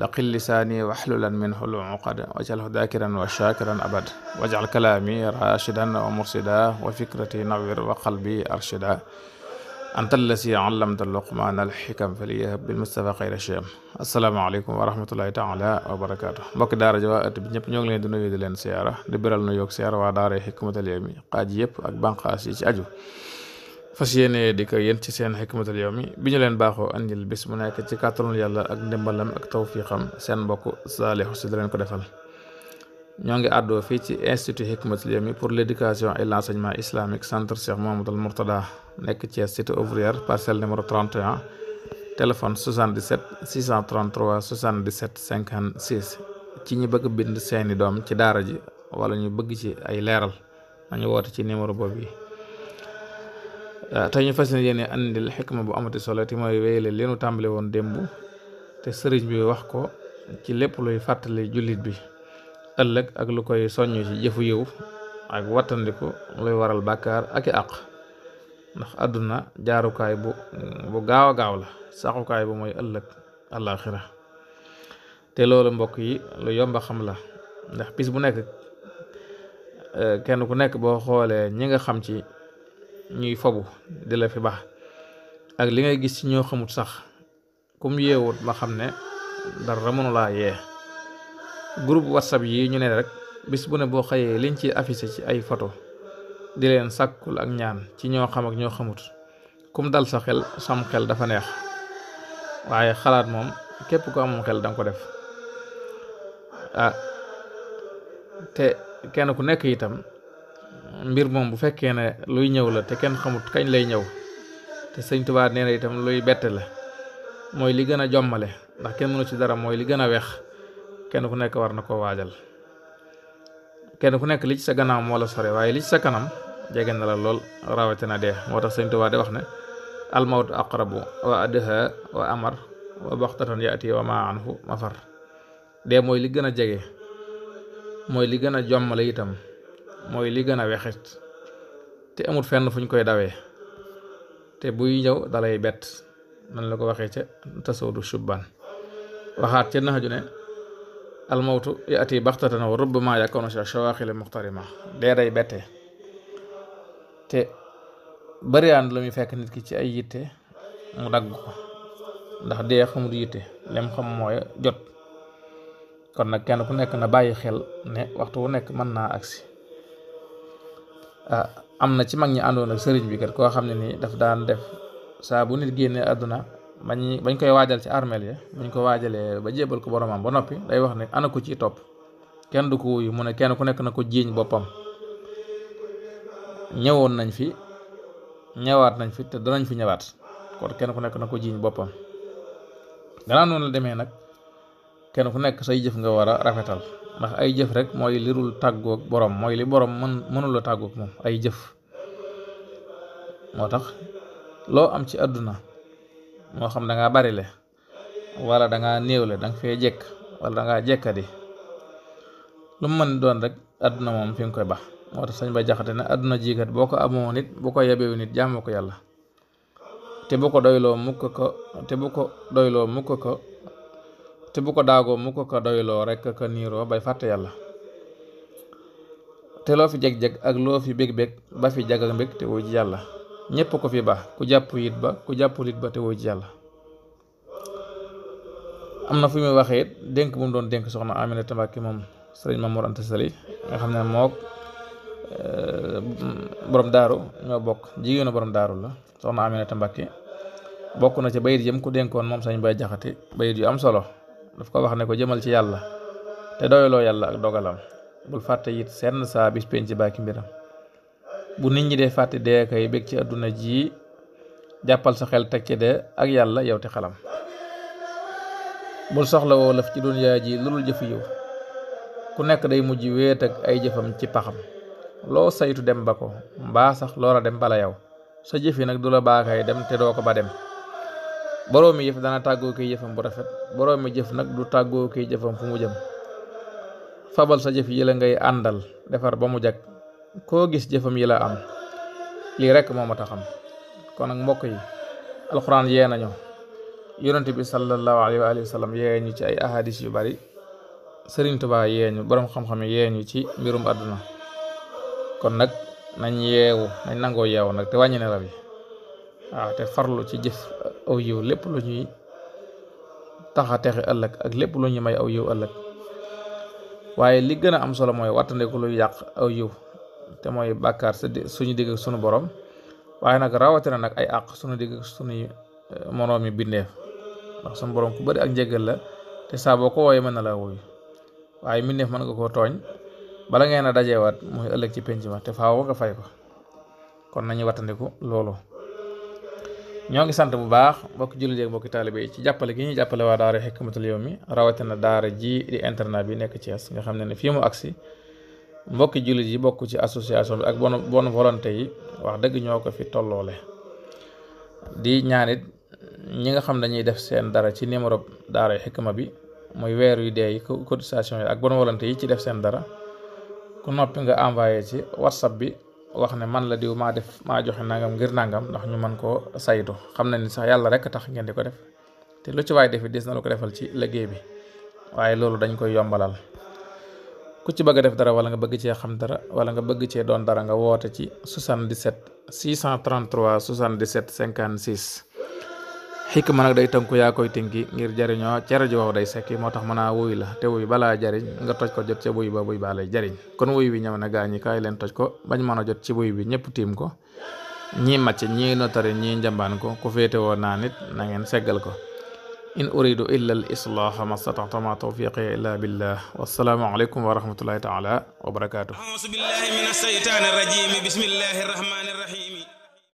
laqil lisaani waxlulan minhu lucuqad waj'alhu daakiran wa shaakiran abad waj'al kalaami raashidan wa mursida wa fikrati nawwir wa qalbi arshida anta allasi allamta luqmaana alxikam faliyahab taala wa barakaatu mbokki daara ji waa ëtt bi ñëpp ñoo ngi leen di nuyu di leen siyaara di biral nu yoog yëpp ak banqaas aju fas yéene di ko yéen ci seen xikmatul yawmi bi ñu leen baaxoo andil bis mu nekk ci kàttanul yàlla ak ndimbalam ak tawfiixam seen mbokk Saliou Sy di leen ko defal ñoo ngi àddoo fii ci institut xikmatul yawmi pour l'éducation et l'enseignement islamique centre Cheikh Mouhamadoul Mourtada nekk ci cité ouvrière parcelle numéro 31 téléphone 77 633 77 56 ci ñi bëgg bind seeni doom ci daara ji wala ñu bëgg ci ay leeral nañu woote ci numéro boobu yi Ah, tey ñu fas yéene andil ma bu amati solo te mooy wéyale leenu tàmbali woon démb te sëriñ bi wax ko ci lépp luy fàttali jullit bi ëllëg ak lu koy soññ ci jëfu yëw ak wattandiku luy waral bakkaar ak i àq ndax àdduna jaarukaay bu bu gaaw a gaaw la saxukaay bu mooy ëllëg àllaaxira te loolu mbokk yi lu yomba xam la ndax bis bu nekk eh, kenn ku nekk boo xoolee ñi nga xam ci ñuy fabu di la fi baax ak li ngay gis ci ñoo xamut sax kum yeewut ma xam ne dara mënu laa yee groupe whatsapp yi ñu ne rekk bés bu ne boo xëyee liñ ci affiché ci ay photo di leen sàkkul ak ñaan ci ñoo xam ak ñoo xamut kum dal sa xel sam xel dafa neex waaye xalaat moom képp ko amum xel danga ko def ah, te kenn ku nekk itam mbir moom bu fekkee ne luy ñëw la te kenn xamut kañ lay ñëw te sëñ Tuubaa nee na itam luy bette la mooy li gën a jommale ndax kenn mënu ci dara mooy li gën a weex kenn ku nekk war na koo waajal kenn ku nekk li ci sa gannaaw moo la sore li sa kanam jege na la lool rawatina dee moo tax sëñ Tuubaa wax ne almawtu aqrabu wa adha mooy li gën a jege mooy li gën a jommale itam mooy li gën a wexit te amul fenn fuñ koy dawee te buy ñëw dalay bett nan la ko waxee ca tasawdu shubban waxaat ca nax ju ne almawtu yaati baxtatan wa rubbama yakunu sa shawaaxile muxtarima dee day bette te bariwaan la muy fekk nit ki ci ay yitte mu dagg ko ndax dee xamul yitte lem xam mooy jot kon nag kenn ku nekk na bàyyi xel ne waxtu wu nekk mën naa agsi Ah, am na ci mag ñi àndoon ak sëriñ bi kat koo xam ne nii dafa daan def saa bu nit génnee àdduna bañ bañ koy waajal ci armeel ya buñ ko waajalee ba jébbal ko boromam ba noppi day wax ne ana ko ciy topp kenn du ko wuyu mu ne kenn ku nekk na ko jiiñ boppam ñëwoon nañ fi ñëwaat nañ fi danañ fi ñëwaat kon kenn ku nekk na ko jiiñ boppam danaa noonu la demee nag kenn ku nekk say jëf nga war a rafetal ndax ay jëf rek mooy lirul tàggoog borom mooy li borom mën mënula tàggoog moom ay jëf moo tax loo am ci àdduna moo xam da bari le wala da ngaa néew le da nga lu mën doon rek àdduna moom fi nga koy bax moo tax sañ ba jaxate ne àdduna jiikat boo ko amoon nit bu ko yabewu nit jaamoo ko yàlla te bu ko doyloo mukk ko te bu ko doyloo mukk ko te bu ko daagoo mu ko ko doyloo rek ko niiroo bay fàtte yàlla te loo fi jeg-jeg ak loo fi bég-bég ba fi jag ak mbég te woo ji yàlla ñépp ko fi baax ku jàpp it ba ku jàppul it ba te woo ji yàlla am na fu muy waxee dënk dénk bu mu doon dénk soxna Aminata Mbàkke moom sëriñ Mamour Anta na nga mook eh, borom daaru ñoo bokk jigéenu borom daaru la na ci bayit yëm ko dénkoon moom sañ bay jaxati bayit yu am solo daf ko wax ne ko jëmal ci yàlla te doyloo yàlla ak dogalam bul fàtte it senn saa bis penc baaki mbiram bu nit ñi dee fàtte dee kay bég ci àdduna ji jàppal sa xel teg ci de ak yàlla yow te xalam bul soxla woo laf ci dunyaa ji lu dul jëf yiw ku nekk day mujj wéet ak ay jëfam ci paxam loo saytu dem ba ko mbaa sax loola dem bala yow sa jëfi nag du la baakaay dem te doo ko ba dem boroomi yëf dana tàggoo koy jëfam bu rafet boroom mi jëf nag du tàggoo koy jëfam fu mu jëm fabal sa jëf yi la ngay àndal defar ba mu jag koo gis jëfam yi la am lii rekk moo ma ta xam kon nag mbokk yi alxuraan yee nañu yonent bi sallallahu alayhi wa sallam yee ngi ci ay ahadis yu bari Sëriñ tubaa yee ñu boroom xam-xam yee ngi ci mbirum àdduna kon nag nañ yeewu nañ nangoo yeewu nag te wàññi nelaw yi waaw te farlu ci jëf aw yiw lépp lu ñuy taxa texe ëllëg ak lépp lu ñuy may aw yiw ëllëg waaye li gën a am solo mooy wattandiku lu yàq aw yiw te mooy bàkkaar suñu digg ak suñu borom waaye nag rawatina nag ay àq suñu digg ak suñuy eh, moroom yi bindeef ndax suñu borom ku bari ak njéggal la te saa boo ko wooyee mën na la wuyu waaye mbindeef mën nga koo tooñ bala ngeen a dajeewaat muy ëllëg ci penc ma te faaw nga fay ko kon nañu wattandiku loolu ñoo ngi sant bu baax mbokki jullit ak mbokki taalibe yi ci jàppale gi ñuy jàppale waa daara Hikmatul Yawmi rawatina daara ji di internat bi nekk Thiès nga xam ne ne fii mu agsi mbokki jullit yi bokk ci association bi ak bon bonne volonté yi wax dëgg ñoo ko fi tolloole di ñaanit ñi nga xam dañuy def seen dara ci numéro daara Hikma bi muy weer yu dee yi cotisation yi ak bonne volonté yi ci def seen dara ku noppi nga envoyé ci whatsapp bi wax ne man la diw maa def maa joxe nangam ngir nangam ndax ñu man koo saytu xam na ni sax yàlla rek tax ngeen di ko def te lu ci waay defi des na lu ko defal ci liggéey bi waaye loolu dañ koy yombalal ku ci bëgg a def dara wala nga bëgg cee xam dara wala nga bëgg cee doon dara nga woote ci 77 633 77 56 xikma nag day tënku yaa koy tënki ngir jariñoo cere ji wow day sekki moo tax mën a wuy la te wuy balaa jariñ nga toj ko jot ca wuy ba wuy baa lay jariñ kon wuy bi ñëw na gaa ñi kaay leen toj ko bañ mën a jot ci wuy bi ñëpp tiim ko ñii màcc ñii notari ñii njambaan ko ku féete woo naa nit na ngeen seggal ko in uridu illa al islaaha ma stataxta ma tawfiqi illa billah wassalaamu aleykum wa rahmatullahi taala wa barakaatu